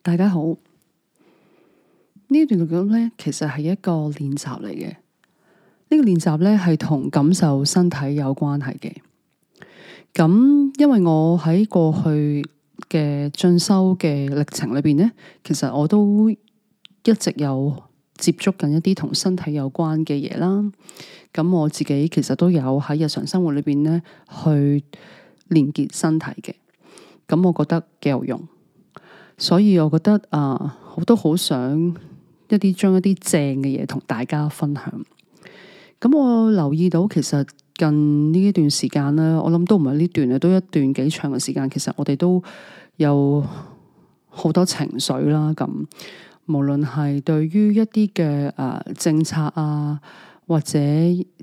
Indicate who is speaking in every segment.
Speaker 1: 大家好，呢段錄音咧，其實係一個練習嚟嘅。呢、呢個練習咧係同感受身體有關係嘅。咁因為我喺過去嘅進修嘅歷程裏邊咧，其實我都一直有接觸緊一啲同身體有關嘅嘢啦。咁我，我，我自己其實都有喺日常生活裏邊咧去連結身體嘅。咁我覺得幾有用。所以，我覺得啊，我、呃、都好想一啲將一啲正嘅嘢同大家分享。咁我留意到，其實近呢一段時間咧，我諗都唔係呢段啊，都一段幾長嘅時間。其實我哋都有好多情緒啦。咁無論係對於一啲嘅呃、政策啊，或者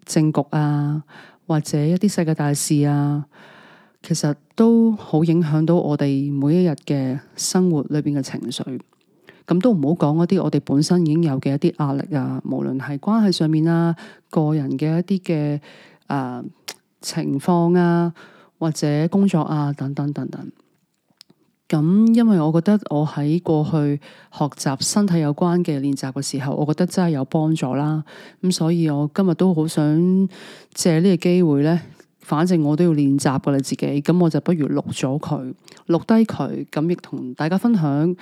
Speaker 1: 政局啊，或者一啲世界大事啊，其實都好影響到我哋每一日嘅生活裏邊嘅情緒，咁都唔好講嗰啲我哋本身已經有嘅一啲壓力啊，無論係關係上面啊、個人嘅一啲嘅誒情況啊，或者工作啊等等等等。咁因為我覺得我喺過去學習身體有關嘅練習嘅時候，我覺得真係有幫助啦。咁所以我今日都好想借呢個機會咧。反正我都要練習噶啦自己，咁我就不如錄咗佢，錄低佢，咁亦同大家分享。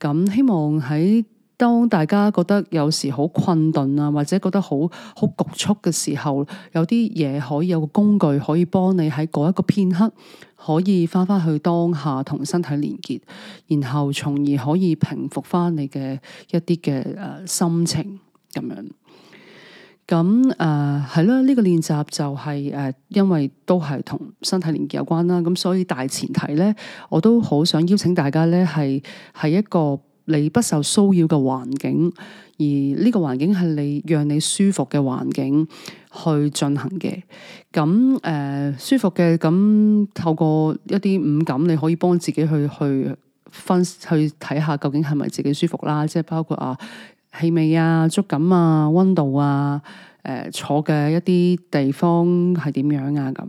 Speaker 1: 咁希望喺當大家覺得有時好困頓啊，或者覺得好好局促嘅時候，有啲嘢可以有個工具可以幫你喺嗰一個片刻，可以翻翻去當下同身體連結，然後從而可以平復翻你嘅一啲嘅誒心情咁樣。咁誒，係啦，呢、呃呢個練習就係、係、誒、呃，因為都係同身體連結有關啦。咁所以大前提咧，我都好想邀請大家咧，係係一個你不受騷擾嘅環境，而呢個環境係你讓你舒服嘅環境去進行嘅。咁誒、呃，舒服嘅，咁透過一啲五感，你可以幫自己去去分去睇下究竟係咪自己舒服啦，即係包括啊。氣味啊、觸感啊、溫度啊、誒、呃、坐嘅一啲地方係點樣啊咁？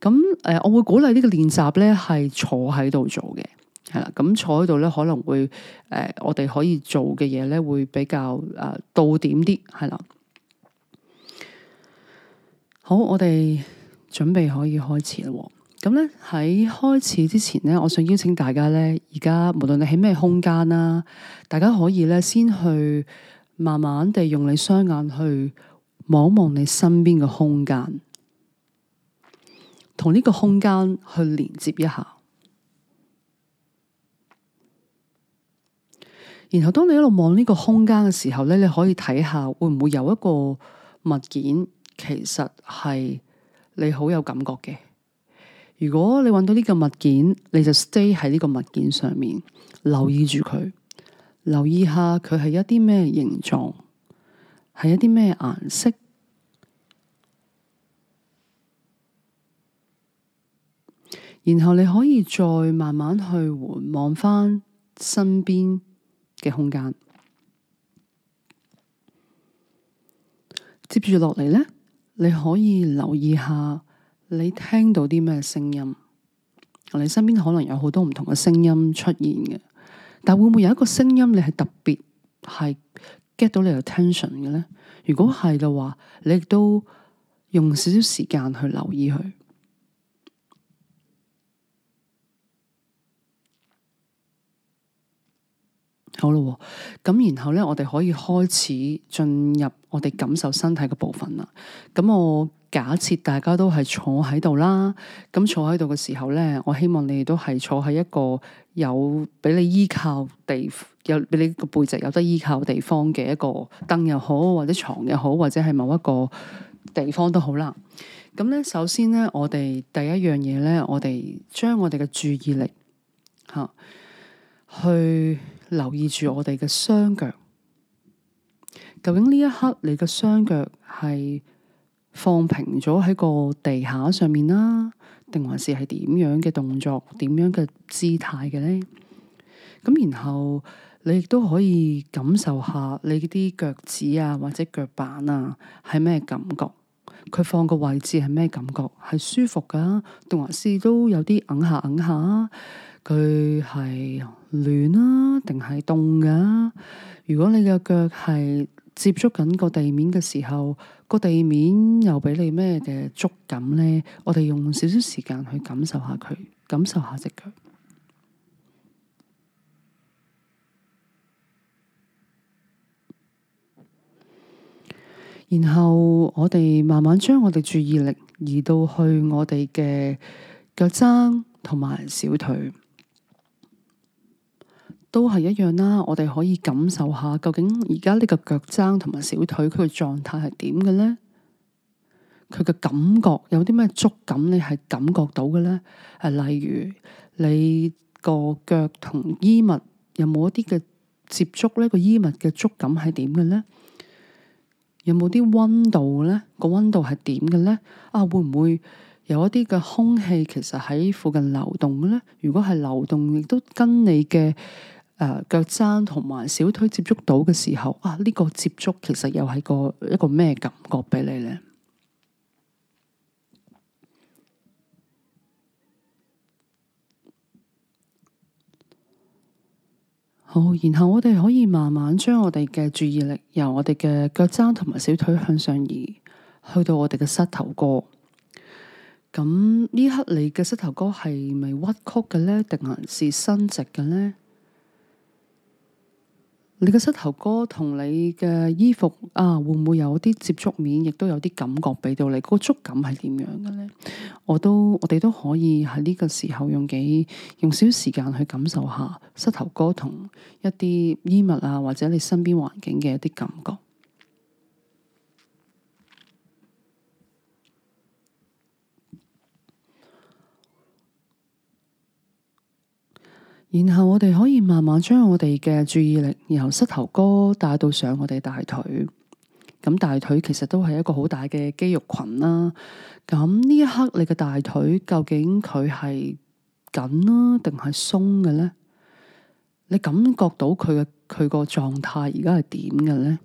Speaker 1: 咁誒、呃，我會鼓勵呢個練習咧係坐喺度做嘅，係啦。咁坐喺度咧可能會誒、呃，我哋可以做嘅嘢咧會比較誒到、呃、點啲，係啦。好，我哋準備可以開始啦喎。咁咧喺開始之前咧，我想邀請大家咧，而家無論你喺咩空間啦，大家可以咧先去慢慢地用你雙眼去望望你身邊嘅空間，同呢個空間去連接一下。然後當你一路望呢個空間嘅時候咧，你可以睇下會唔會有一個物件，其實係你好有感覺嘅。如果你搵到呢個物件，你就 stay 喺呢個物件上面，留意住佢，留意下佢係一啲咩形狀，係一啲咩顏色，然後你可以再慢慢去回望翻身邊嘅空間。接住落嚟呢，你可以留意下。你聽到啲咩聲音？你身邊可能有好多唔同嘅聲音出現嘅，但會唔會有一個聲音你係特別係 get 到你嘅 tension 嘅咧？如果係嘅話，你亦都用少少時間去留意佢。好啦、啊，咁然後呢，我哋可以開始進入我哋感受身體嘅部分啦。咁我。假設大家都係坐喺度啦，咁坐喺度嘅時候呢，我希望你哋都係坐喺一個有俾你依靠地，有俾你個背脊有得依靠地方嘅一個凳又好，或者床又好，或者係某一個地方都好啦。咁呢，首先呢，我哋第一樣嘢呢，我哋將我哋嘅注意力吓去留意住我哋嘅雙腳，究竟呢一刻你嘅雙腳係？放平咗喺個地下上，上面啦，定還是係點樣嘅動作，點樣嘅姿態嘅呢？咁然後你亦都可以感受下你啲腳趾啊或者腳板啊係咩感覺？佢放個位置係咩感覺？係舒服噶、啊，定還是都有啲揞下揞下，佢係暖啊定係凍噶？如果你嘅腳係。接觸緊個地面嘅時候，個地面又畀你咩嘅觸感呢？我哋用少少時間去感受下佢，感受下隻腳。然後我哋慢慢將我哋注意力移到去我哋嘅腳踭同埋小腿。都係一樣啦。我哋可以感受下，究竟而家呢個腳踭同埋小腿佢嘅狀態係點嘅呢？佢嘅感覺有啲咩觸感？你係感覺到嘅呢？誒、啊，例如你個腳同衣物有冇一啲嘅接觸呢？個衣物嘅觸感係點嘅呢？有冇啲溫度呢？個溫度係點嘅呢？啊，會唔會有一啲嘅空氣其實喺附近流動嘅呢？如果係流動，亦都跟你嘅。誒、uh, 腳踭同埋小腿接觸到嘅時候，啊！呢、這個接觸其實又係個一個咩感覺畀你呢？好，然後我哋可以慢慢將我哋嘅注意力由我哋嘅腳踭同埋小腿向上移，去到我哋嘅膝頭哥。咁、嗯、呢刻你嘅膝頭哥係咪屈曲嘅呢？定還是伸直嘅呢？你嘅膝頭哥同你嘅衣服啊，會唔會有啲接觸面，亦都有啲感覺畀到你？個觸感係點樣嘅咧？我都我哋都可以喺呢個時候用幾用少時間去感受下膝頭哥同一啲衣物啊，或者你身邊環境嘅一啲感覺。然後我哋可以慢慢將我哋嘅注意力由膝頭哥帶到上我哋大腿，咁大腿其實都係一個好大嘅肌肉群啦，啊。咁呢一刻你嘅大腿究竟佢係緊啦定係鬆嘅咧？你感覺到佢嘅佢個狀態而家係點嘅咧？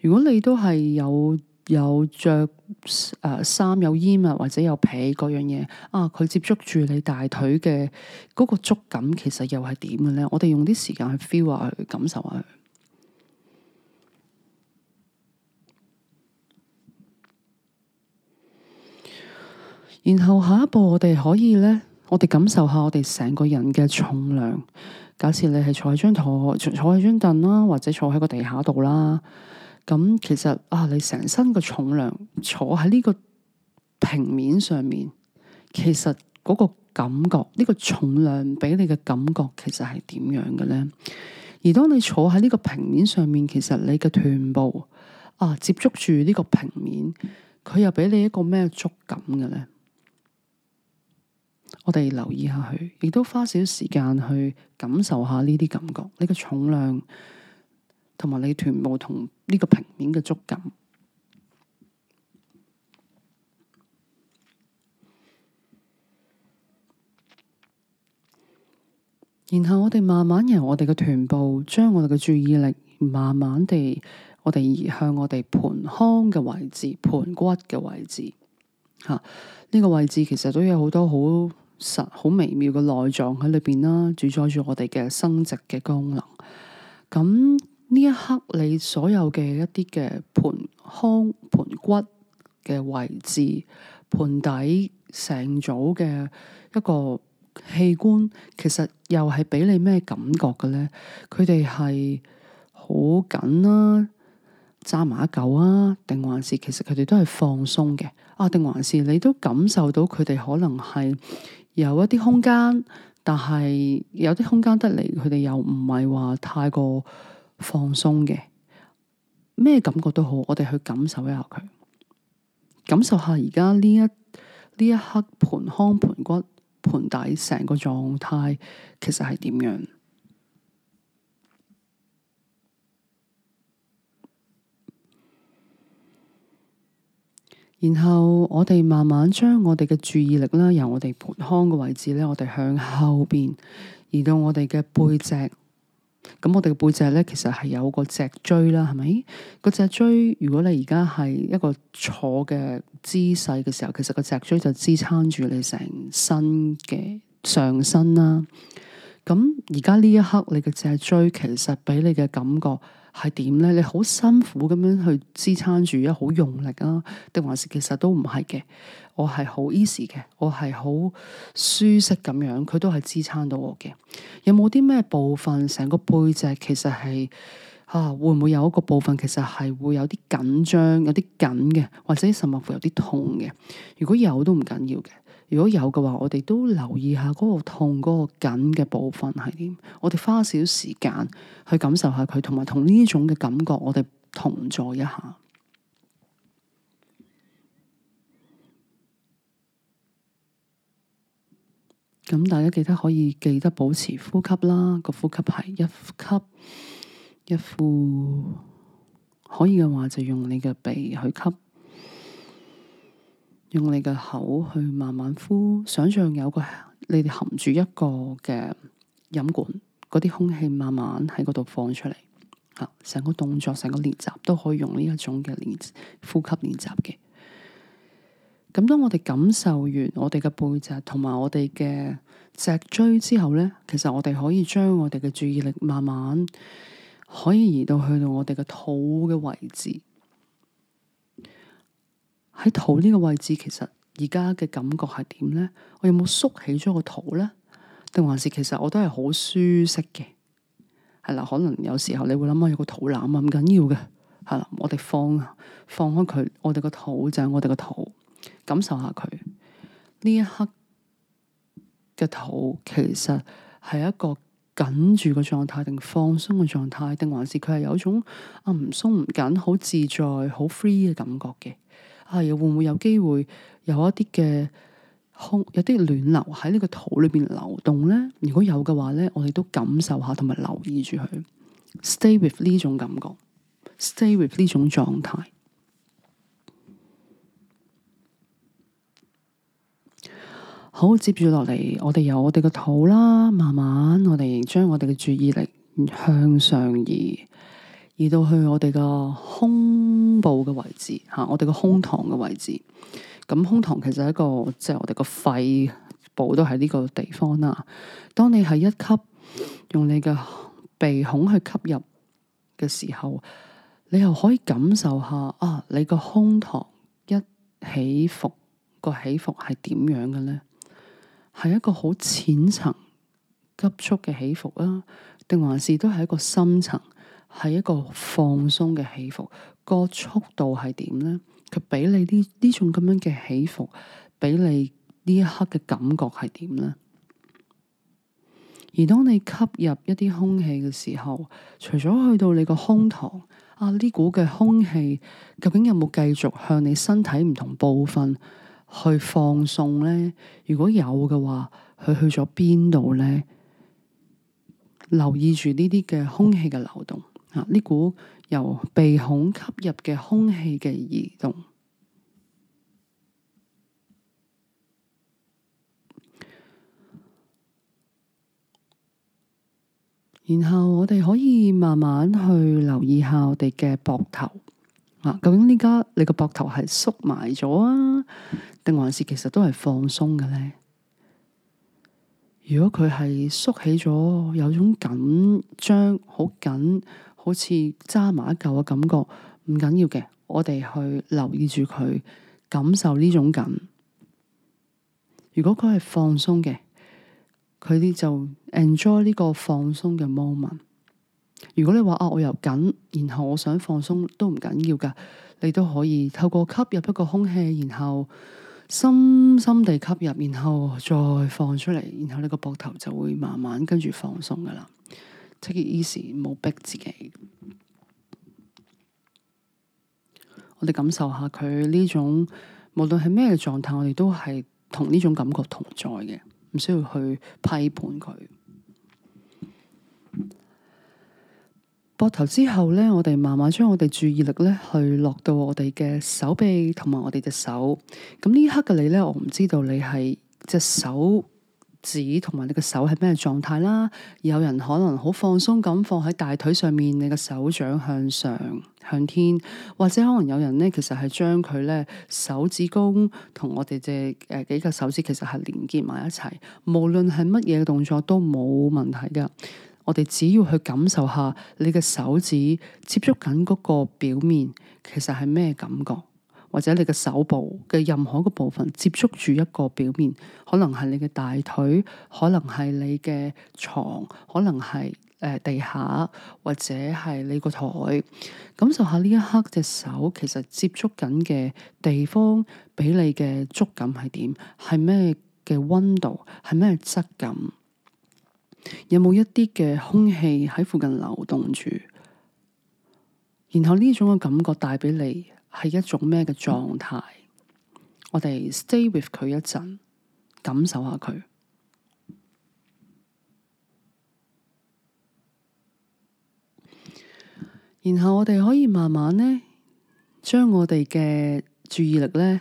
Speaker 1: 如果你都係有。有着誒衫，有、呃、衣物或者有被，嗰樣嘢啊，佢接觸住你大腿嘅嗰個觸感，其實又係點嘅呢？我哋用啲時間去 feel 下佢，去感受下佢。然後下一步，我哋可以呢，我哋感受下我哋成個人嘅重量。假設你係坐喺張台、坐坐喺張凳啦，或者坐喺個地下度啦。咁其實啊，你成身嘅重量坐喺呢個平面上面，其實嗰個感覺，呢個重量俾你嘅感覺其實係點樣嘅呢？而當你坐喺呢個平面上面，其實你嘅臀部啊，接觸住呢個平面，佢又俾你一個咩觸感嘅呢？我哋留意下佢，亦都花少少時間去感受下呢啲感覺，呢個重量。同埋你臀部同呢個平面嘅觸感，然後我哋慢慢由我哋嘅臀部，將我哋嘅注意力慢慢地，我哋移向我哋盆腔嘅位置、盆骨嘅位置。吓、啊，呢、這個位置其實都有好多好實、好微妙嘅內臟喺裏邊啦，主宰住我哋嘅生殖嘅功能。咁、嗯呢一刻，你所有嘅一啲嘅盆腔、盆骨嘅位置、盆底成組嘅一個器官，其實又係俾你咩感覺嘅咧？佢哋係好緊啦，揸埋一嚿啊，定、啊、還是其實佢哋都係放鬆嘅啊？定還是你都感受到佢哋可能係有一啲空間，但係有啲空間得嚟，佢哋又唔係話太過。放鬆嘅，咩感覺都好，我哋去感受一下佢，感受下而家呢一呢一刻，盆腔盆骨、盆底成個狀態其實係點樣？然後我哋慢慢將我哋嘅注意力啦，由我哋盆腔嘅位置呢，我哋向後邊移到我哋嘅背脊。嗯咁我哋嘅背脊咧，其實係有個脊椎啦，係咪？個脊椎，如果你而家係一個坐嘅姿勢嘅時候，其實個脊椎就支撐住你成身嘅上身啦。咁而家呢一刻，你嘅脊椎其實俾你嘅感覺。係點咧？你好辛苦咁樣去支撐住啊，好用力啊，定還是其實都唔係嘅。我係好 easy 嘅，我係好舒適咁樣，佢都係支撐到我嘅。有冇啲咩部分成個背脊其實係啊？會唔會有一個部分其實係會有啲緊張、有啲緊嘅，或者甚至乎有啲痛嘅？如果有都唔緊要嘅。如果有嘅話，我哋都留意下嗰個痛、嗰個緊嘅部分係點。我哋花少少時間去感受下佢，同埋同呢種嘅感覺，我哋同坐一下。咁大家記得可以記得保持呼吸啦，個呼吸係一呼吸，一呼。可以嘅話，就用你嘅鼻去吸。用你嘅口去慢慢呼，想象有個你哋含住一個嘅飲管，嗰啲空氣慢慢喺嗰度放出嚟。啊，成個動作，成個練習都可以用呢一種嘅練呼吸練習嘅。咁當我哋感受完我哋嘅背脊同埋我哋嘅脊椎之後咧，其實我哋可以將我哋嘅注意力慢慢可以移到去到我哋嘅肚嘅位置。喺肚呢個位置，其實而家嘅感覺係點呢？我有冇縮起咗個肚呢？定還是其實我都係好舒適嘅？係啦，可能有時候你會諗啊，有個肚腩啊，唔緊要嘅。係啦，我哋放放開佢，我哋個肚就係我哋個肚，感受下佢呢一刻嘅肚，其實係一個緊住嘅狀態，定放鬆嘅狀態，定還是佢係有一種啊唔鬆唔緊，好自在、好 free 嘅感覺嘅。係又會唔會有機會有一啲嘅空，有啲暖流喺呢個肚裏邊流動咧？如果有嘅話咧，我哋都感受下，同埋留意住佢，stay with 呢種感覺，stay with 呢種狀態。好，接住落嚟，我哋由我哋嘅肚啦，慢慢我哋將我哋嘅注意力向上移。移到去我哋個胸部嘅位置，吓，我哋個胸膛嘅位置。咁胸膛其實係一個，即係我哋個肺部都喺呢個地方啦。當你係一吸，用你嘅鼻孔去吸入嘅時候，你又可以感受下啊，你個胸膛一起伏，個起伏係點樣嘅呢？係一個好淺層急速嘅起伏啊，定還是都係一個深層？係一個放鬆嘅起伏，個速度係點呢？佢俾你呢呢種咁樣嘅起伏，俾你呢一刻嘅感覺係點呢？而當你吸入一啲空氣嘅時候，除咗去到你個胸膛，啊呢股嘅空氣究竟有冇繼續向你身體唔同部分去放送呢？如果有嘅話，佢去咗邊度呢？留意住呢啲嘅空氣嘅流動。啊，呢股由鼻孔吸入嘅空氣嘅移動，然後我哋可以慢慢去留意下我哋嘅膊頭。究竟呢家你個膊頭係縮埋咗啊，定還是其實都係放鬆嘅呢？如果佢係縮起咗，有種緊張，好緊。好似揸埋一嚿嘅感覺，唔緊要嘅。我哋去留意住佢，感受呢種緊。如果佢係放鬆嘅，佢哋就 enjoy 呢個放鬆嘅 moment。如果你話啊，我有緊，然後我想放鬆都唔緊要噶，你都可以透過吸入一個空氣，然後深深地吸入，然後再放出嚟，然後你個膊頭就會慢慢跟住放鬆噶啦。Take it easy，冇逼自己。我哋感受下佢呢種，無論係咩嘅狀態，我哋都係同呢種感覺同在嘅，唔需要去批判佢。膊頭之後咧，我哋慢慢將我哋注意力咧，去落到我哋嘅手臂同埋我哋隻手。咁呢刻嘅你咧，我唔知道你係隻手。指同埋你嘅手係咩狀態啦？有人可能好放鬆咁放喺大腿上面，你嘅手掌向上向天，或者可能有人咧，其實係將佢咧手指公同我哋隻誒幾個手指其實係連結埋一齊。無論係乜嘢嘅動作都冇問題噶，我哋只要去感受下你嘅手指接觸緊嗰個表面，其實係咩感覺？或者你嘅手部嘅任何一個部分接觸住一個表面，可能係你嘅大腿，可能係你嘅床，可能係誒、呃、地下，或者係你個台，感受下呢一刻隻手其實接觸緊嘅地方，俾你嘅觸感係點？係咩嘅溫度？係咩質感？有冇一啲嘅空氣喺附近流動住？然後呢種嘅感覺帶俾你。係一種咩嘅狀態？我哋 stay with 佢一陣，感受下佢。然後我哋可以慢慢咧，將我哋嘅注意力咧，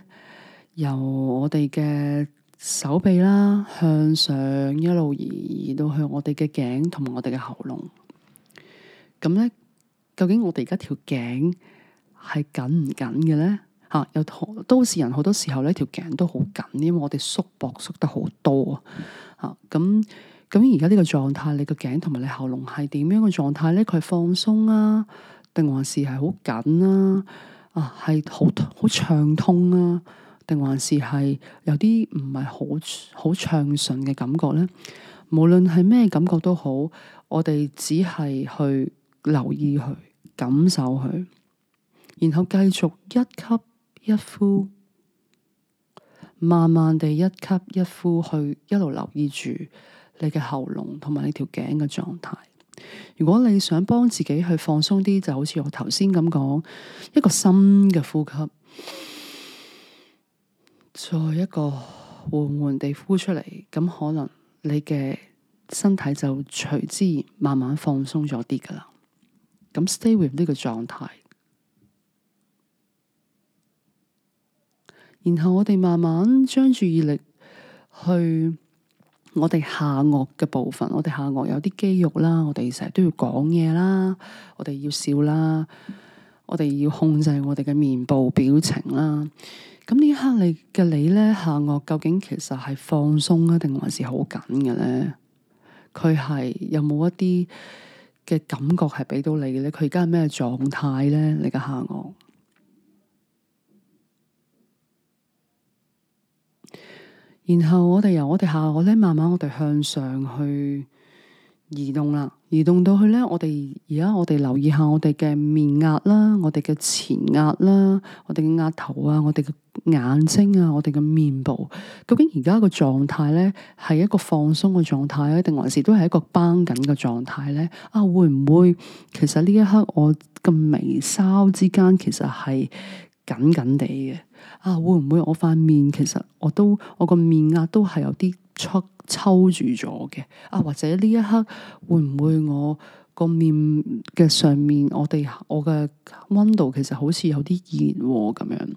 Speaker 1: 由我哋嘅手臂啦向上一路移移到去我哋嘅頸同埋我哋嘅喉嚨。咁咧，究竟我哋而家條頸？係緊唔緊嘅咧吓？有、啊、都市人好多時候咧，條頸都好緊，因為我哋縮膊縮得好多啊。咁咁而家呢個狀態，你個頸同埋你喉嚨係點樣嘅狀態咧？佢係放鬆啊，定還是係好緊啊？啊，係好好暢通啊？定還是係、啊啊啊、有啲唔係好好暢順嘅感覺咧？無論係咩感覺都好，我哋只係去留意佢，感受佢。然後繼續一吸一呼，慢慢地一吸一呼去，一路留意住你嘅喉嚨同埋你條頸嘅狀態。如果你想幫自己去放鬆啲，就好似我頭先咁講，一個深嘅呼吸，再一個緩緩地呼出嚟，咁可能你嘅身體就隨之慢慢放鬆咗啲㗎喇。咁 stay with 呢個狀態。然後我哋慢慢將注意力去我哋下顎嘅部分，我哋下顎有啲肌肉啦，我哋成日都要講嘢啦，我哋要笑啦，我哋要控制我哋嘅面部表情啦。咁呢一刻你嘅你呢下顎究竟其實係放鬆啊，定還是好緊嘅呢？佢係有冇一啲嘅感覺係俾到你嘅呢？佢而家係咩狀態呢？你嘅下顎。然後我哋由我哋下顎咧，慢慢我哋向上去移動啦，移動到去咧，我哋而家我哋留意下我哋嘅面壓啦，我哋嘅前額啦，我哋嘅額頭啊，我哋嘅眼睛啊，我哋嘅面部，究竟而家個狀態咧，係一個放鬆嘅狀態咧，定還是都係一個繃緊嘅狀態咧？啊，會唔會其實呢一刻我咁眉梢之間其實係？緊緊地嘅啊，會唔會我塊面其實我都我個面額都係有啲出抽住咗嘅啊？或者呢一刻會唔會我個面嘅上面我哋我嘅溫度其實好似有啲熱咁樣？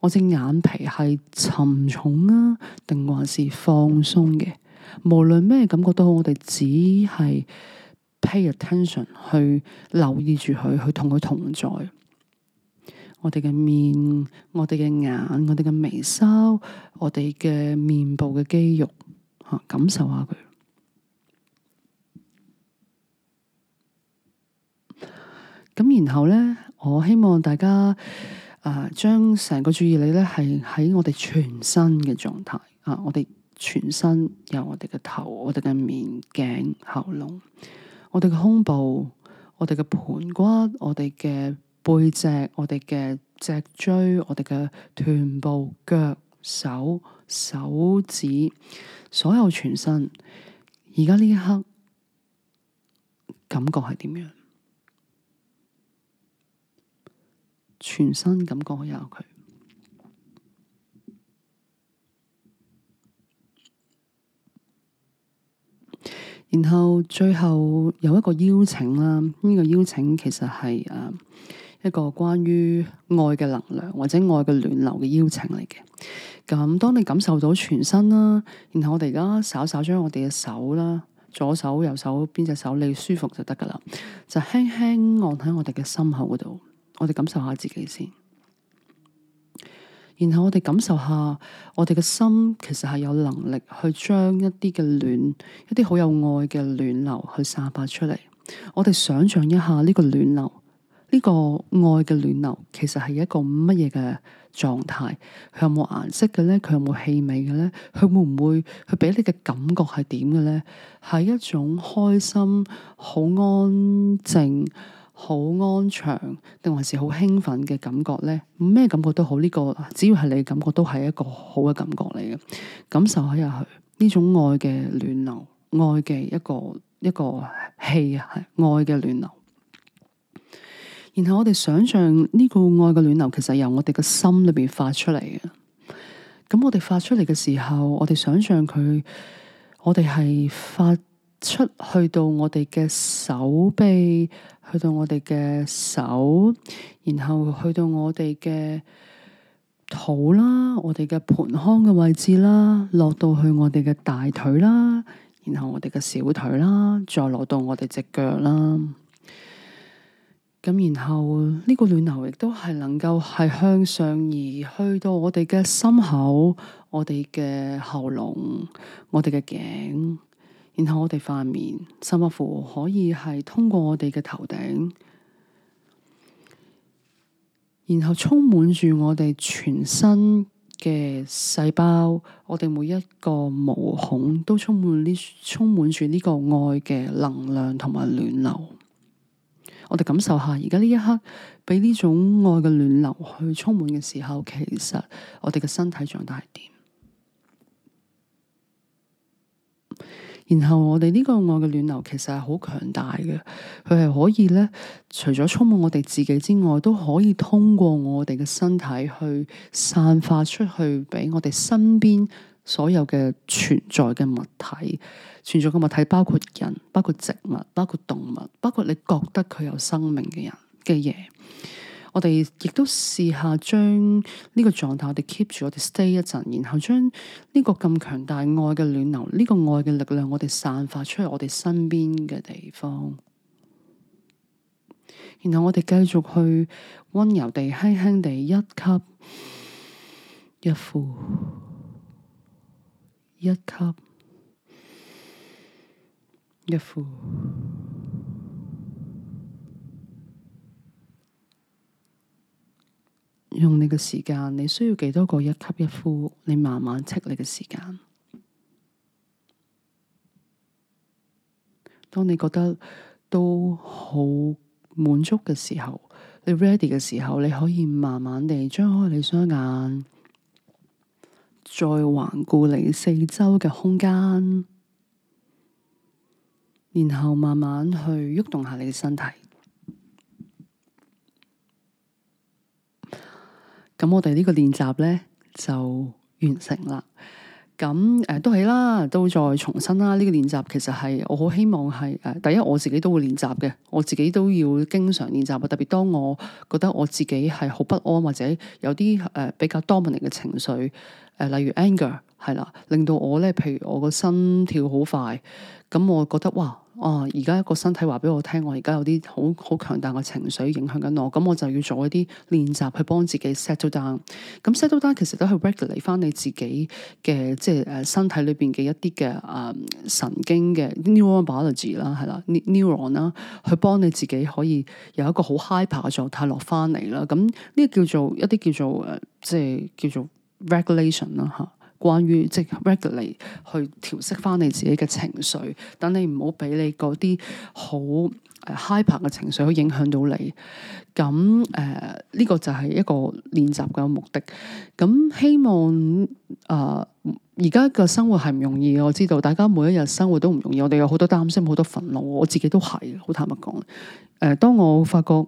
Speaker 1: 我隻眼皮係沉重啊，定還是放鬆嘅？無論咩感覺都好，我哋只係 pay attention 去留意住佢，去同佢同在。我哋嘅面、我哋嘅眼、我哋嘅眉梢、我哋嘅面部嘅肌肉，吓感受下佢。咁然後咧，我希望大家啊、呃，將成個注意力咧係喺我哋全身嘅狀態啊，我哋全身由我哋嘅頭、我哋嘅面、頸、喉嚨、我哋嘅胸部、我哋嘅盆骨、我哋嘅。背脊，我哋嘅脊椎，我哋嘅臀部、腳、手、手指，所有全身，而家呢一刻感覺係點樣？全身感覺好有佢。然後最後有一個邀請啦，呢個邀請其實係誒，啊一個關於愛嘅能量或者愛嘅暖流嘅邀請嚟嘅。咁當你感受到全身啦，然後我哋而家稍稍將我哋嘅手啦，左手、右手邊隻手你舒服就得㗎喇，就輕輕按喺我哋嘅心口嗰度，我哋感受下自己先。然後我哋感受下，我哋嘅心其實係有能力去將一啲嘅暖，一啲好有愛嘅暖流去散發出嚟。我哋想象一下呢個暖流。呢個愛嘅暖流其實係一個乜嘢嘅狀態？佢有冇顏色嘅呢？佢有冇氣味嘅呢？佢會唔會佢俾你嘅感覺係點嘅呢？係一種開心、好安靜、好安詳，定還是好興奮嘅感覺呢？咩感覺都好，呢個只要係你感覺都係一個好嘅感覺嚟嘅。感受下入去呢種愛嘅暖流，愛嘅一個一個氣，愛嘅暖流。然後我哋想象呢個愛嘅暖流，其實係由我哋嘅心裏邊發出嚟嘅。咁我哋發出嚟嘅時候，我哋想象佢，我哋係發出去到我哋嘅手臂，去到我哋嘅手，然後去到我哋嘅肚啦，我哋嘅盆腔嘅位置啦，落到去我哋嘅大腿啦，然後我哋嘅小腿啦，再落到我哋隻腳啦。咁然後呢個暖流亦都係能夠係向上移，去到我哋嘅心口、我哋嘅喉嚨、我哋嘅頸，然後我哋塊面，甚至乎可以係通過我哋嘅頭頂，然後充滿住我哋全身嘅細胞，我哋每一個毛孔都充滿呢，充滿住呢個愛嘅能量同埋暖流。我哋感受下，而家呢一刻，俾呢種愛嘅暖流去充滿嘅時候，其實我哋嘅身體狀態係點？然後我哋呢個愛嘅暖流其實係好強大嘅，佢係可以呢，除咗充滿我哋自己之外，都可以通過我哋嘅身體去散發出去，俾我哋身邊。所有嘅存在嘅物體，存在嘅物體包括人，包括植物，包括動物，包括你覺得佢有生命嘅人嘅嘢。我哋亦都試下將呢個狀態我，我哋 keep 住，我哋 stay 一陣，然後將呢個咁強大愛嘅暖流，呢個愛嘅力量，我哋散發出去我哋身邊嘅地方。然後我哋繼續去溫柔地、輕輕地一吸一呼。一吸一呼，用你嘅時間，你需要幾多個一吸一呼？你慢慢 take 你嘅時間。當你覺得都好滿足嘅時候，你 ready 嘅時候，你可以慢慢地張開你雙眼。再環顧你四周嘅空間，然後慢慢去喐動下你嘅身體。咁我哋呢個練習咧就完成啦。咁誒、呃、都係啦，都再重新啦。呢、這個練習其實係我好希望係誒、呃、第一，我自己都會練習嘅，我自己都要經常練習嘅。特別當我覺得我自己係好不安或者有啲誒、呃、比較 dominant 嘅情緒，誒、呃、例如 anger 係啦，令到我咧，譬如我個心跳好快，咁我覺得哇～哦，而家、啊、一個身體話俾我聽，我而家有啲好好強大嘅情緒影響緊我，咁我就要做一啲練習去幫自己 settle down。咁 settle down 其實都係 regulate 翻你自己嘅即係誒身體裏邊嘅一啲嘅啊神經嘅 neurobiology 啦，係啦，neuron 啦，neurons, 去幫你自己可以有一個好 hyper 嘅狀態落翻嚟啦。咁呢個叫做一啲叫做誒，即係叫做 regulation 啦，嚇。關於即係 regularly 去調適翻你自己嘅情緒，等你唔好俾你嗰啲好 hyper 嘅情緒去影響到你。咁誒，呢、呃這個就係一個練習嘅目的。咁希望誒，而家嘅生活係唔容易，我知道大家每一日生活都唔容易，我哋有好多擔心，好多憤怒，我自己都係好坦白講。誒、呃，當我發覺。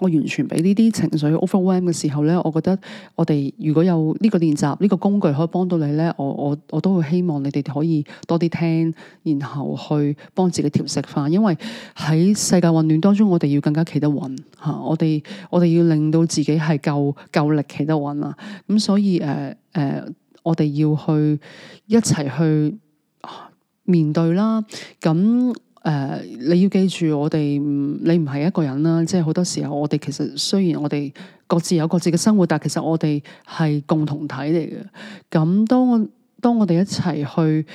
Speaker 1: 我完全俾呢啲情緒 overwhelm 嘅時候咧，我覺得我哋如果有呢個練習、呢個工具可以幫到你咧，我我我都會希望你哋可以多啲聽，然後去幫自己調適翻。因為喺世界混亂當中，我哋要更加企得穩吓，我哋我哋要令到自己係夠夠力企得穩啦。咁所以誒誒，我哋要去一齊去面對啦。咁。誒、呃，你要記住我，我哋你唔係一個人啦，即係好多時候，我哋其實雖然我哋各自有各自嘅生活，但係其實我哋係共同體嚟嘅。咁當我當我哋一齊去。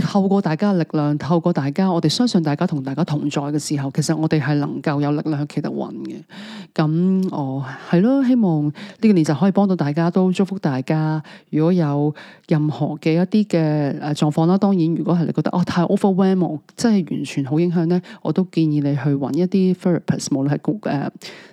Speaker 1: 透過大家力量，透過大家，我哋相信大家同大家同在嘅時候，其實我哋係能夠有力量去企得穩嘅。咁我係咯，希望呢個練習可以幫到大家都，都祝福大家。如果有任何嘅一啲嘅誒狀況啦，當然如果係你覺得哦太 overwhelmed，即係完全好影響咧，我都建議你去揾一啲 therapist，無論係誒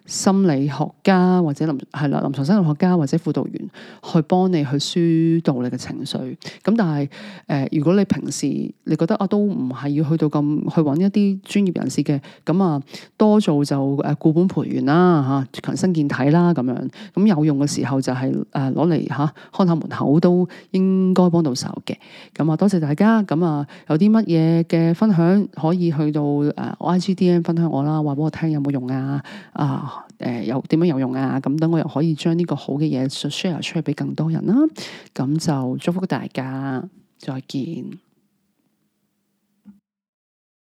Speaker 1: 心理學家或者林係啦臨牀心理學家或者輔導員去幫你去疏導你嘅情緒。咁但係誒、呃，如果你平時你覺得啊都唔係要去到咁去揾一啲專業人士嘅咁啊多做就誒固本培元啦吓強、啊、身健體啦咁樣咁有用嘅時候就係誒攞嚟吓看下門口都應該幫到手嘅咁啊多謝大家咁啊有啲乜嘢嘅分享可以去到誒、啊、IGDM 分享我啦話俾我聽有冇用啊啊誒有點樣有用啊咁等我又可以將呢個好嘅嘢 share 出去俾更多人啦咁就祝福大家再見。